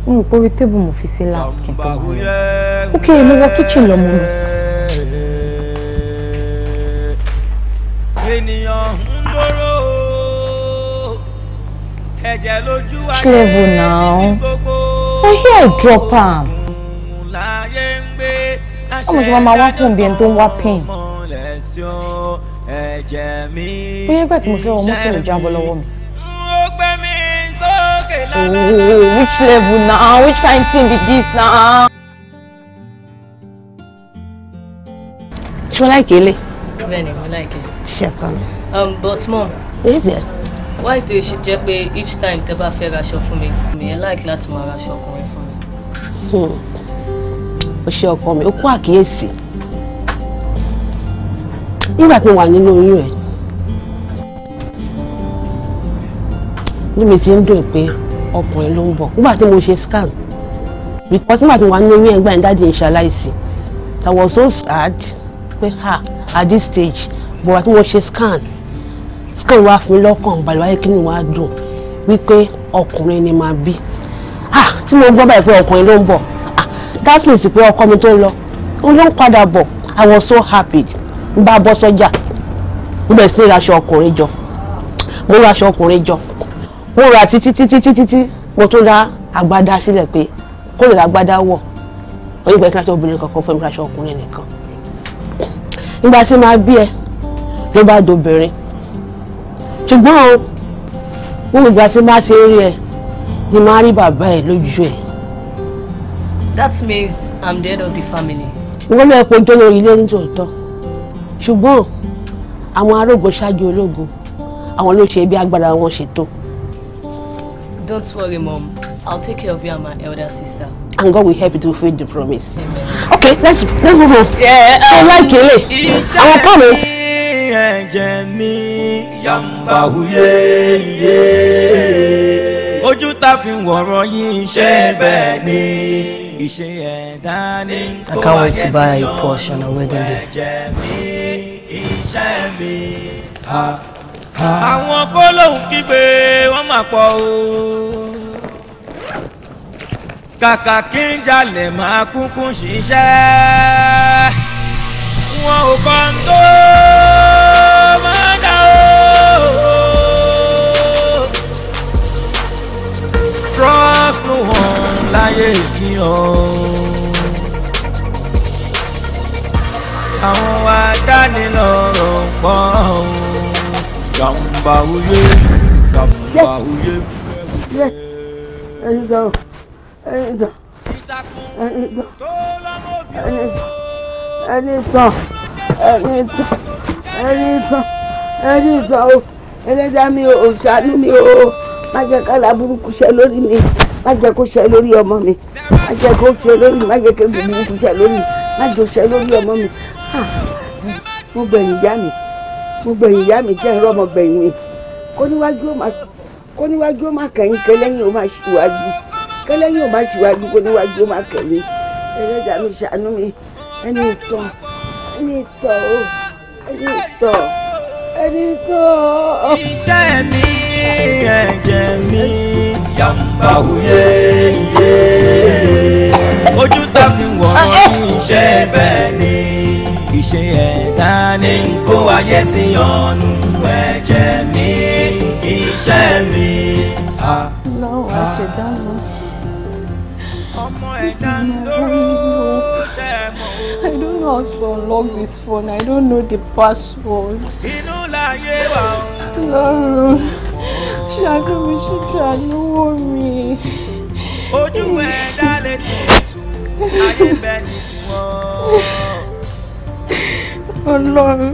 rò pé orí mo fi sí last kí ok mo wọ kíchìn lọ mo lọ. ènìyàn ń dúró ẹ̀jẹ̀ lójú ayé ní gbogbo òkun ah. láyé ń gbé àṣẹ ìdájọ́ kan mọ̀lẹ́ sí ọ ẹ̀jẹ̀ mi ní. bóyá ìgbà tí mo fẹ́ wọ mọ́tò lè jábọ́ lọ́wọ́ mi. ó which level now? which kind thing be this now? ṣé o láìkè lé. bẹ́ẹ̀ ni mo láìkè ṣe kan. Um, but mom. is it. why do you ṣe jẹ́ pé each time tẹ́ bá fẹ́ raṣọ fún mi mi ẹ láì láti máa raṣọ ọkùnrin fún mi. Hmm. o ṣe ọkọ mi o kó àkíyèsí nígbà tí mo wà nínú oyún ẹ ní mi ti ń dùn pé ọkùnrin ló ń bọ̀ nígbà tí mo ṣe scan because nígbà tí mo wà nínú oyún ẹgbẹ́ ẹ̀ńdáde ń ṣaláìsí I was so sad pé ha at this stage bọ̀wá tí wọ́n ṣe scan scan wá fún mi lọ́kàn balẹ̀ wáyé kí ni wàá dùn wípé ọkùnrin ni màá bí ah tí mo gbọ́ báyìí pé ọkùnrin ló ń bọ̀ ah that means pé ọkọ mi tó ń lọ òun ló ń padà bọ̀ I was so happy n bá bọ́ sọ́jà n bẹ̀ sí ìraṣọ ọkùnrin jọ mo ra aṣọ ọkùnrin jọ mo ra títí títí títí tí mo tún ra agbádá sílẹ̀ pé kó lè ra agbádá wọ̀ onígbà kí n ra aṣọ obìnrin kankan fún mi ra aṣọ ọkùnrin nìkan nígbà tí màá bí ẹ ló bá dobìnrin ṣùgbọ́n o ìgbà tí má ṣe rí ẹ ni má rí bàbá ẹ lójú ẹ. that means i'm the head of the family. wọ́n lọ ẹ̀pọ̀ lórí ilé nítòótọ́ ṣùgbọ́n àwọn arógo ṣáájú ológo àwọn ló ṣe bí agbára wọn ṣe tó. don't worry mom i'll take care of you and my elder sister. and God will help you to fulfill the promise. Amen. okay let's let's move on. Yeah, um, so like ele àwọn kọ́ mi ẹ̀jẹ̀ mi. yàmbá huye iye. ojú tá fi wọ̀rọ̀ yìí ṣe bẹ́ẹ̀ ni. ìṣe ẹ̀dá ni kó wáyé sí ọ̀rọ̀ ẹ̀jẹ̀ mi iṣẹ́ mi. àwọn kólóhùn kígbe wọ́n máa pọ̀ o. kàkà kí n jalè máa kúkú ṣiṣẹ́ wọn ò kọ́ tó. trust no one láyé ìkíyàn. àwọn adánilọ́rọ̀ pọ̀ jàǹbá òye jàǹbá òye. ẹyin sọ ẹyin sọ ẹyin sọ ẹyin sọ ẹyin sọ ẹyin sọ ẹyin sọ ẹlẹ́dàá mi ò ṣàánú mi ò má jẹ́ kára burúkú ṣe lórí mi má jẹ́ kó ṣe lórí ọmọ mi má jẹ́ kó ṣe lórí má jẹ́ kébi burúkú ṣe lórí má jẹ́ ṣe lórí ọmọ mi mo gbẹ̀yìn ìyá mi mo gbẹ̀yìn ìyá mi jẹ́ ìrọ́mọ gbẹ̀yìn mi kó níwájú ó máa kó kẹlẹ́yìn ó máa ṣíwájú kẹlẹ́yìn ó máa ṣíwájú kó níwájú ó máa kẹ̀yìn ẹlẹ́dàá mi ṣàánú mi ẹni ìtàn ẹni ìtàn o ẹni ìtàn ẹni ìtàn. iṣẹ́ mi ẹ̀jẹ̀ báwùyé yé ojú tá fi wọ̀ iṣẹ́ ah, eh. bẹ́ẹ̀ ni iṣẹ́ ẹ̀dá ni kó ayé sí ọ̀nù ẹ̀jẹ̀ mi iṣẹ́ mi. Ah. lọ́wọ́ àṣẹ̀dánù ọmọ ẹ̀dá ń dúró ṣe I don't know how to unlock this phone. I don't know the password. inú ṣàánú mi ṣíjú àánúwò mi. ojú ẹ dálé tuntun ayé bẹ́ẹ̀ ni wọ́n. Ọlọ́run.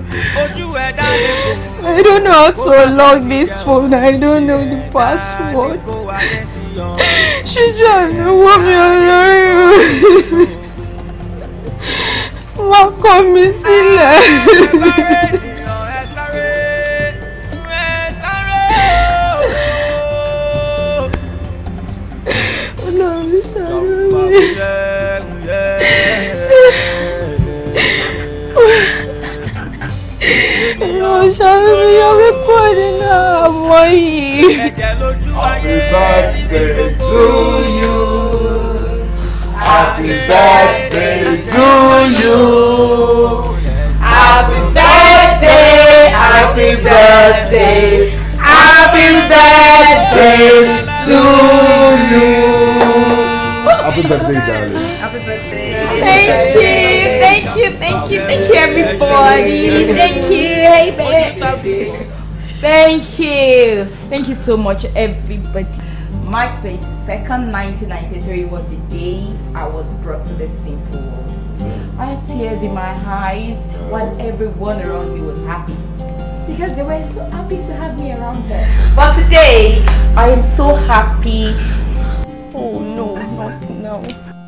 I don't know how to unlock this phone. I don't know the password. Ṣíjú àná wọ mi ọlọ́run. Wọ́n kọ̀ mí sílẹ̀. ṣàánú mi yọ mí kúrò nínú àmọ́ yìí. ẹ̀jẹ̀ lójú Happy birthday to you. Happy birthday, happy birthday, happy birthday to you. Happy birthday, darling. Happy birthday. Thank you. Thank you. Thank you. Thank you, everybody. Thank you. Hey, baby. Thank you. Thank you so much, everybody. March 22nd, 1993 was the day I was brought to this sinful world. I had tears in my eyes while everyone around me was happy because they were so happy to have me around them. But today, I am so happy now.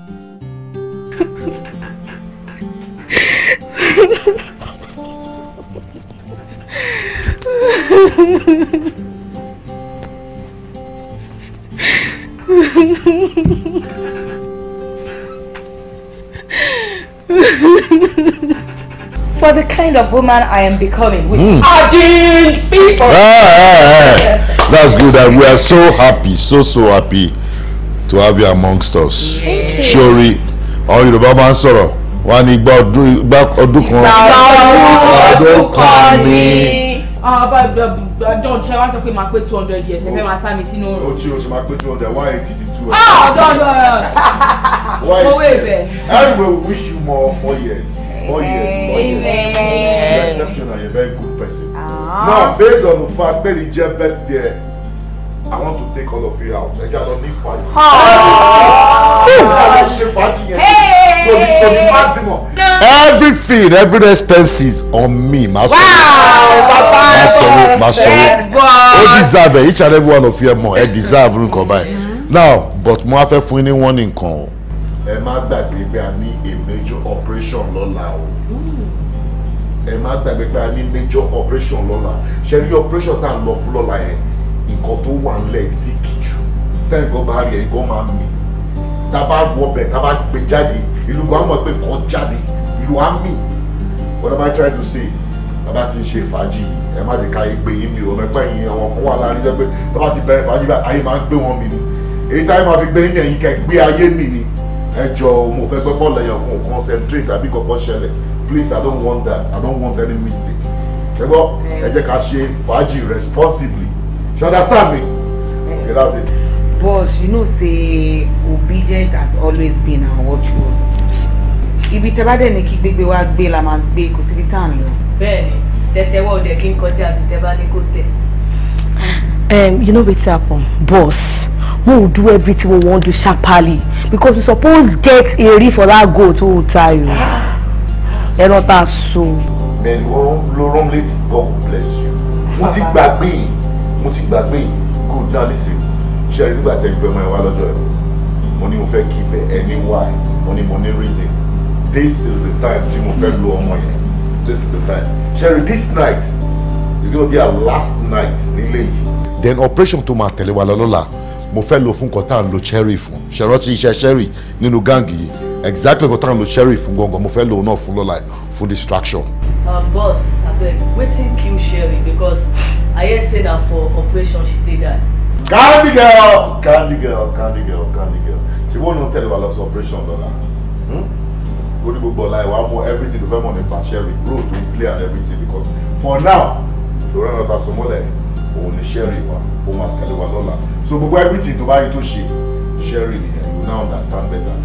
For the kind of woman I am becoming with mm. people. Ah, ah, ah. That's good, and we are so happy, so so happy to have you amongst us. sori àwọn yorùbá máa ń sọ̀rọ̀ wá ní igba ọdún kan. igba ọdún kan ni ọba john ṣe wá sọ pé máa pé two hundred years ẹ fẹ́ máa sá mi sínú oòrùn. o ti o ti máa pé two hundred one eighty to two. ah ọdọọdọ owó ibẹ. and we wish you more more years more years more years you are exceptional you are a very good person. Ah. now based on the fact pé ní jẹ́ birthday. I want to take all of you out. I cannot ní fàájì. you. lọ ṣe fàájì yẹn. Tobi Tobi maximum. Everything, every expenses on me, Master. Wow, Papa. Master, Master, first born. O deserve it, each and every one of you more. ẹ deserve nǹkan báyìí. Now, but more á fẹ́ fún in call. wọ́n ní nǹkan o. Ẹ a major operation Lola. o ẹ má gbàgbé pé major operation Lola. ṣe your operation tá à Lola? nǹkan tó wà nílẹ̀ tí kì jù tẹ́ǹkan bá rí ẹ̀yìn kan máa mì tá a bá wọ ọbẹ̀ tá a bá gbé jáde ìlú kan á mọ̀ pé nǹkan jáde ìlú á mì what am I trying to say bàbá ti ń ṣe fàájì ẹ má ti ka ìgbé yín mi ò mẹ́pẹ́ yín àwọn kan wà láàrin jẹ́ pé bàbá ti bẹ̀rẹ̀ fàájì báyìí ayé máa ń gbé wọn mi ni èyí táyé máa fi gbé yín ẹ̀yìn kẹ́ gbé ayé mi ni ẹ jọ mo fẹ́ gbẹ́ bọ́ọ̀lù ẹ̀yàn kan concentrate àbí kọ̀ọ̀kan ṣẹlẹ̀ please i don't want that i don't want any mistake ẹ gbọ́ ẹ jẹ́ ká ṣe fàájì responsibly you understand me okay that's it. boss you know say obedience has always been our watchword If tẹ bá dẹ̀ ní kí gbégbé wa gbé la máa gbé kò síbi tá à ń lọ. bẹ́ẹ̀ni tẹtẹwọ ò jẹ kí n kọjá bí tẹ Um, you know what's happen boss we will do everything we want to sharply because we suppose get eri for that goat wey we tell you ẹran ta so. bẹ́ẹ̀ni wọn ló Lord létí god bless you wọn ti back yìí mo ti gbàgbé kò dá lísìn ṣe rí nígbà tẹ́ gbẹmọ ẹ wá lọ́jọ́ ẹ mo ní mo fẹ́ kí ibẹ̀ ẹni wá ẹ mo ní mo ní reason this is the time tí mo fẹ́ lo ọmọ yẹn this is the time ṣe this night is gonna be our last night nílé yìí. then operation tó máa tẹ̀lé wa lọ lọ́la mo fẹ́ lo fún nǹkan tá lo cherry fún ṣẹ̀rọ iṣẹ́ cherry nínú gáàngì yìí exactly nǹkan tá à ń lo cherry fún gangan mo fẹ́ lo náà fún lọ́la fún distraction. Um, boss abeg wetin kill sherry because I hear say na for operation she take die. Candy girl, candy girl, candy girl, candy girl. She won't even tell you about operation, Donna. Hmm? Odi gbogbo ọ̀la ìwà mọ everything tó fẹ́ mọ̀ nípa Sherry road to play and everything because for now ṣòro ẹ̀rọ ta sọmọ́lẹ̀ òun ni Sherry wa òun àtẹ̀lé wa lọ́la so gbogbo everything to buy rí to ṣe Sherry and you now understand better.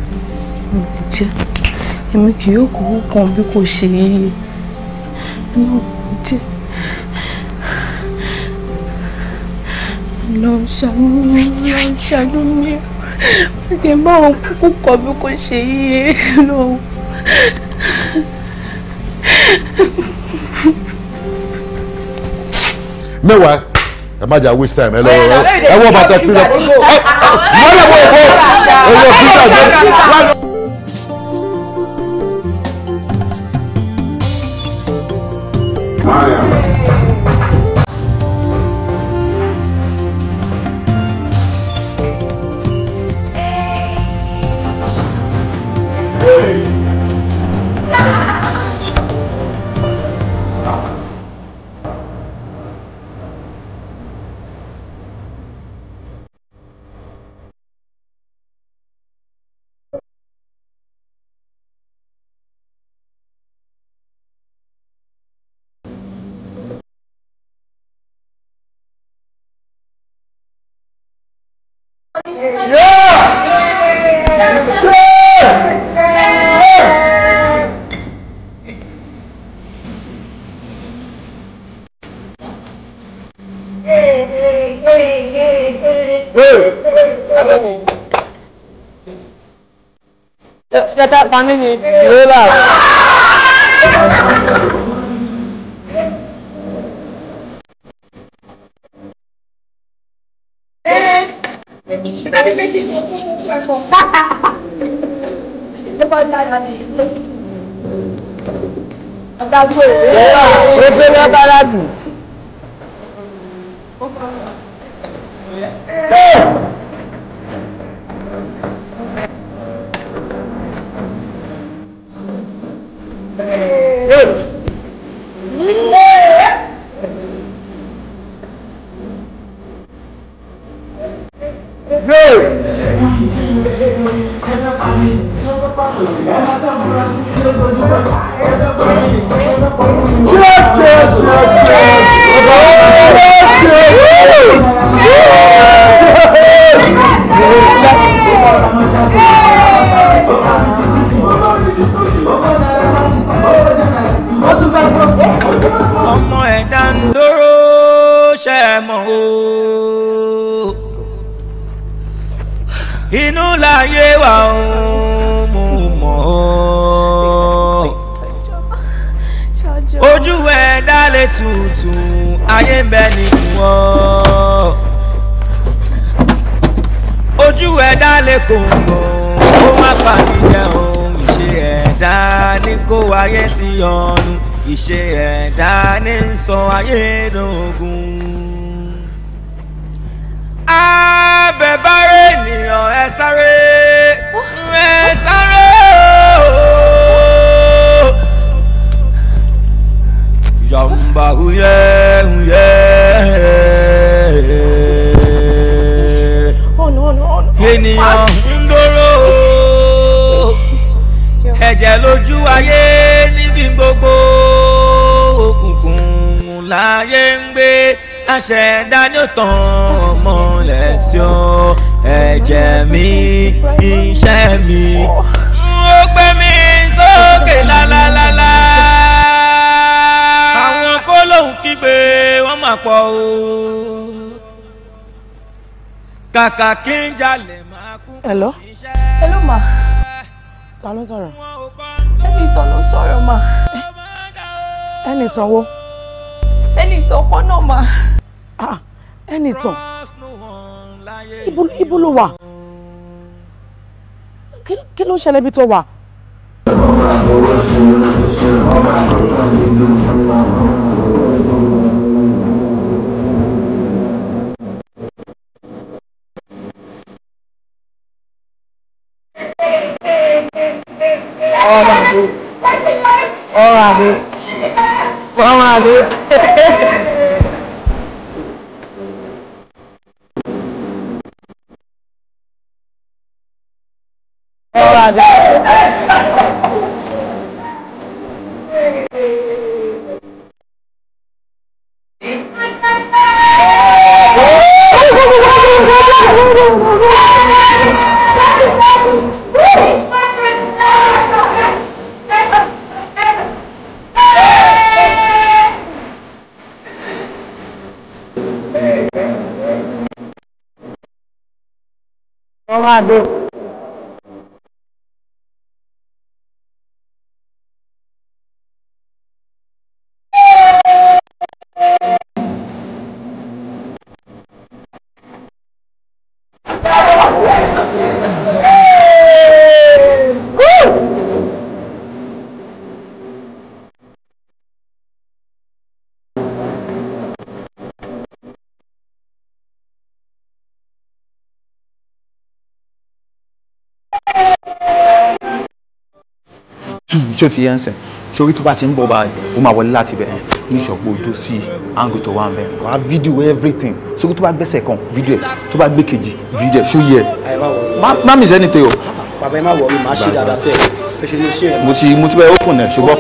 Ǹjẹ́ èmi kì yóò kúkú kan bí kò ṣe Ọlọ́run ṣàánú mi Ọlọ́run bá wọn kúkú kọ bí kò ṣe yíyé lọ́wọ́. mẹ́wàá ẹ má jà waste time ẹ lọ ẹ wọ bàtà pílọ mọ́lẹ̀ bọ̀ bọ̀ ẹ wọ fúnṣà jẹ́. Mariam. pa mí ní tìrẹ́là. Epe ni ọba aládùn. láyé ń gbé aṣẹ̀dá ní òtàn ọmọlẹ̀ sí ọ ẹ̀jẹ̀ mi iṣẹ́ mi ó gbé mi sókè lálálálá. àwọn kólóhùn kígbe wọ́n mà pọ̀ o kàkà kí n jalè máa kú. hello hello ma ta ló sọ̀rọ̀ ẹni ìtàn ló sọ̀rọ̀ ma ẹni ìtàn ẹnìtàn kọ́ náà mà. Ah, ẹnìtàn ibo ló wà kí ló ṣẹlẹ̀ bí tó wà. Ọ̀rọ̀ àdó. Ọ̀rọ̀ àdó. Vamos lá, viu? ṣé o ti yẹn sìn sórí tó bá ti ń bọ̀ báyìí ó máa wọlé láti bẹ̀ ní ìṣọ̀pọ̀ ojú sí angle tó wà ń bẹ̀ wàá fídíò everything sórí tó bá gbẹ́sẹ̀ kan fídíò ẹ̀ tó bá gbé kejì fídíò ẹ̀ ṣó ẹ̀ má mi sẹ́ni tẹ o. bàbá ẹ má wọ̀ mi má ṣe dáadáa sẹ́ẹ̀ mo ti mo ti bẹ́ẹ̀ ó kùn ẹ̀ ṣùgbọ́n.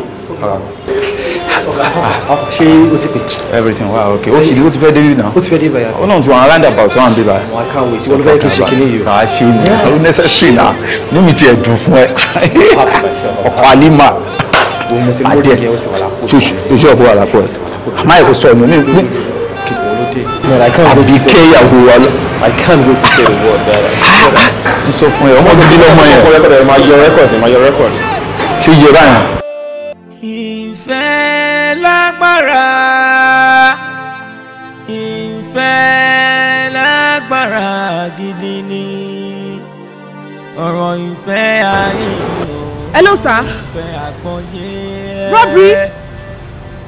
Ah, ah, ṣé o ti pè. everything wa ok o ti o ti fẹ́ dé bi na. o ti fẹ́ dé báyà. o náà ti wọn round about one bí báyà. wọn kàn wé wait. olùfẹ́ kì í ṣe kíní yìí. kàá ah, ṣe ní o necessary na ní mi ti ẹ̀ dùn fún ẹ ọkọ̀ àlímà adé ojú ọ̀bọ̀ wà lápò ẹ̀ àmọ́ ẹ̀kọ́ sọ ọ̀nà ní. àbíké ìyàwó wa lọ. I can't wait to say the word that I. n sọ fún ẹ ọmọ gidi lọmọ yẹn. ọmọ rẹkọdì ẹ máa yọ rẹkọdì yẹ báyìí. ọ̀rọ̀ ìfẹ́ ayé o. hello sir. ìfẹ́ àgbọ̀yé. robbery.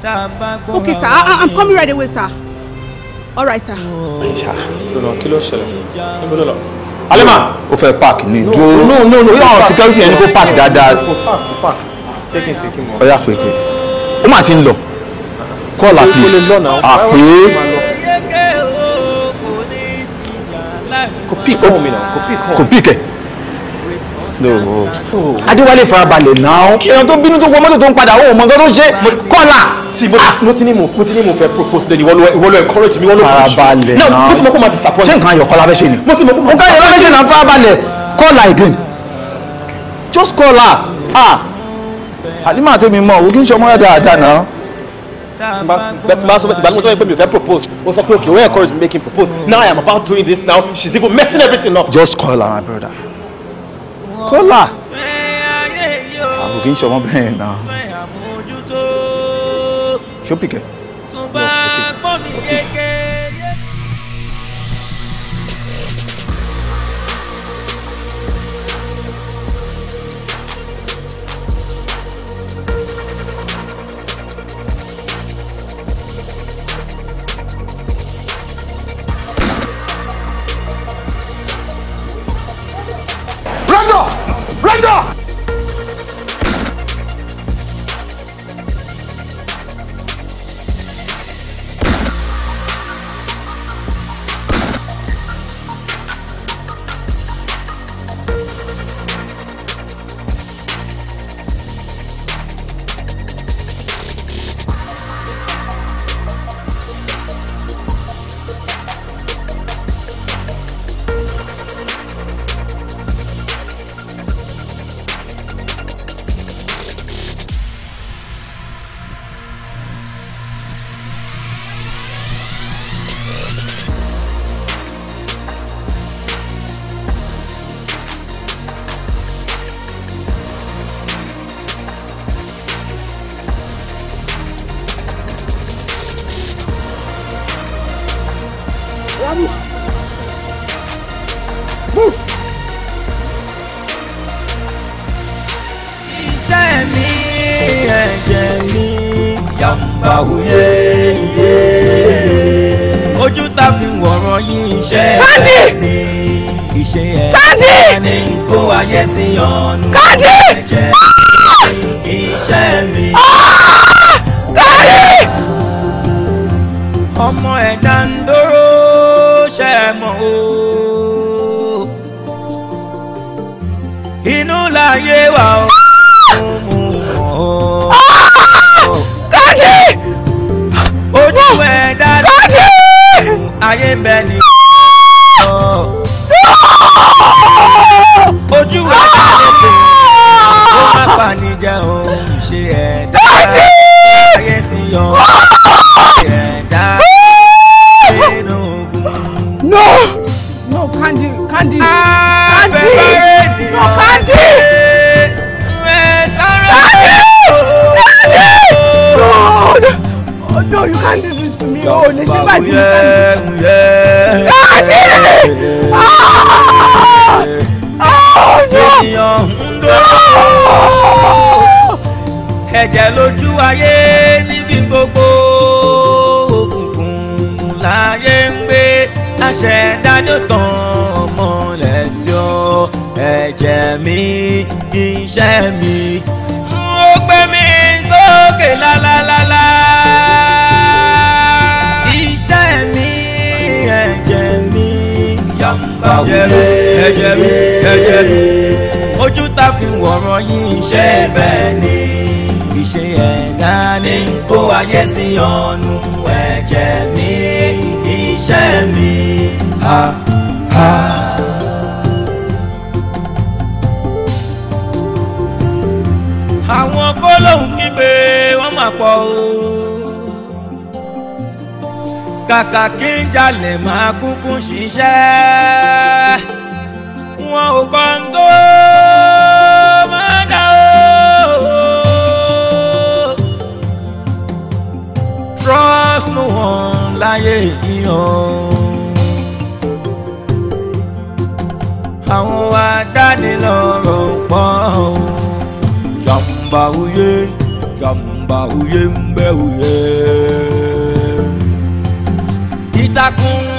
tá a bá gbọ́ okay sir I i'm coming right away sir. all right sir. ìjà lọ́nà kí ló níbo ló lọ. alema o fẹ́ park ni dúró no no no yóò security ẹni kó park dáadáa. kó park kó park jẹ́ kí n fi kí n mọ̀. ọ̀ya pèpè ó mà ti ń lọ call at least àpè ah, kò pí kò pí kẹ adéwálé farabalẹ̀ náà èèyàn tó bínú tó wọ mọ́tò tó ń padà ó mọ nǹkan tó ń ṣe kọ́là. sí ah! mo ti ní mo mo ti ní mo fẹ́ propose lẹ́yìn wọ́n lọ encourage mi wọ́n lọ push farabalẹ̀ náà mo ti mọ̀ kó ma disappoint. ṣé nǹkan ayọ̀ kọ́lá fẹ́ ṣe ni. mo ti mọ̀ kó ma disappoint. nǹkan ayọ̀ fẹ́ ṣe náà farabalẹ̀ kọ́là again just call her ah halima tẹ́mi mọ̀ ògì ń ṣe ọmọ rẹ̀ dáadáa náà bẹ́ẹ̀ bá sọ bẹ́ẹ̀ mo sọ pé mi ò fẹ́ propose o sọ pé okay wey encourage me make him propose now i am about doing this now she's even messing everything up. just call her my brother kọ́là àwọn kì í ṣọmọ bẹ́ẹ̀ náà ṣó pìkẹ́. tún bá gbọ́ mi yege. 站住！站住！kó ayé sí ọ̀nà káàdì iṣẹ́ mi. Ah! káàdì. ọmọ ẹ̀dá ń dóró ṣe é mọ́ o. inú láyé wà ó mú mọ́ o. Ah! káàdì. ojú ẹ̀ dáadáa ayé bẹ́ẹ̀ ni. ò lè ṣe báyìí sí ìfẹ́ mi. àṣírí ah! Ah! Oh, ènìyàn ń dó ẹ̀jẹ̀ lójú ayé níbi gbogbo òkùnkùn láyé ń gbé láṣẹ dájọ́ tán ọmọ lẹ́sìn ọ́ ẹ̀jẹ̀ mi iṣẹ́ mi. bá wúlé ẹ̀jẹ̀ mi ẹ̀jẹ̀ mi ojú tá fi wọ̀rọ̀ yìí ṣe bẹ́ẹ̀ ni ìṣe ẹ̀dá ni kó ayé sí ọ̀nù ẹ̀jẹ̀ mi iṣẹ́ mi ha ha. àwọn gbólóhùn kígbe wọ́n máa pọ̀ o kàkà kí n jalè máa kúkú ṣiṣẹ́ wọn ò kọ́ ń tó máa dà o. trust no one láyé yíyan. àwọn adánilọ́rọ̀ pọ̀ jàǹbá òye jàǹbá òye ń bẹ òye. tá com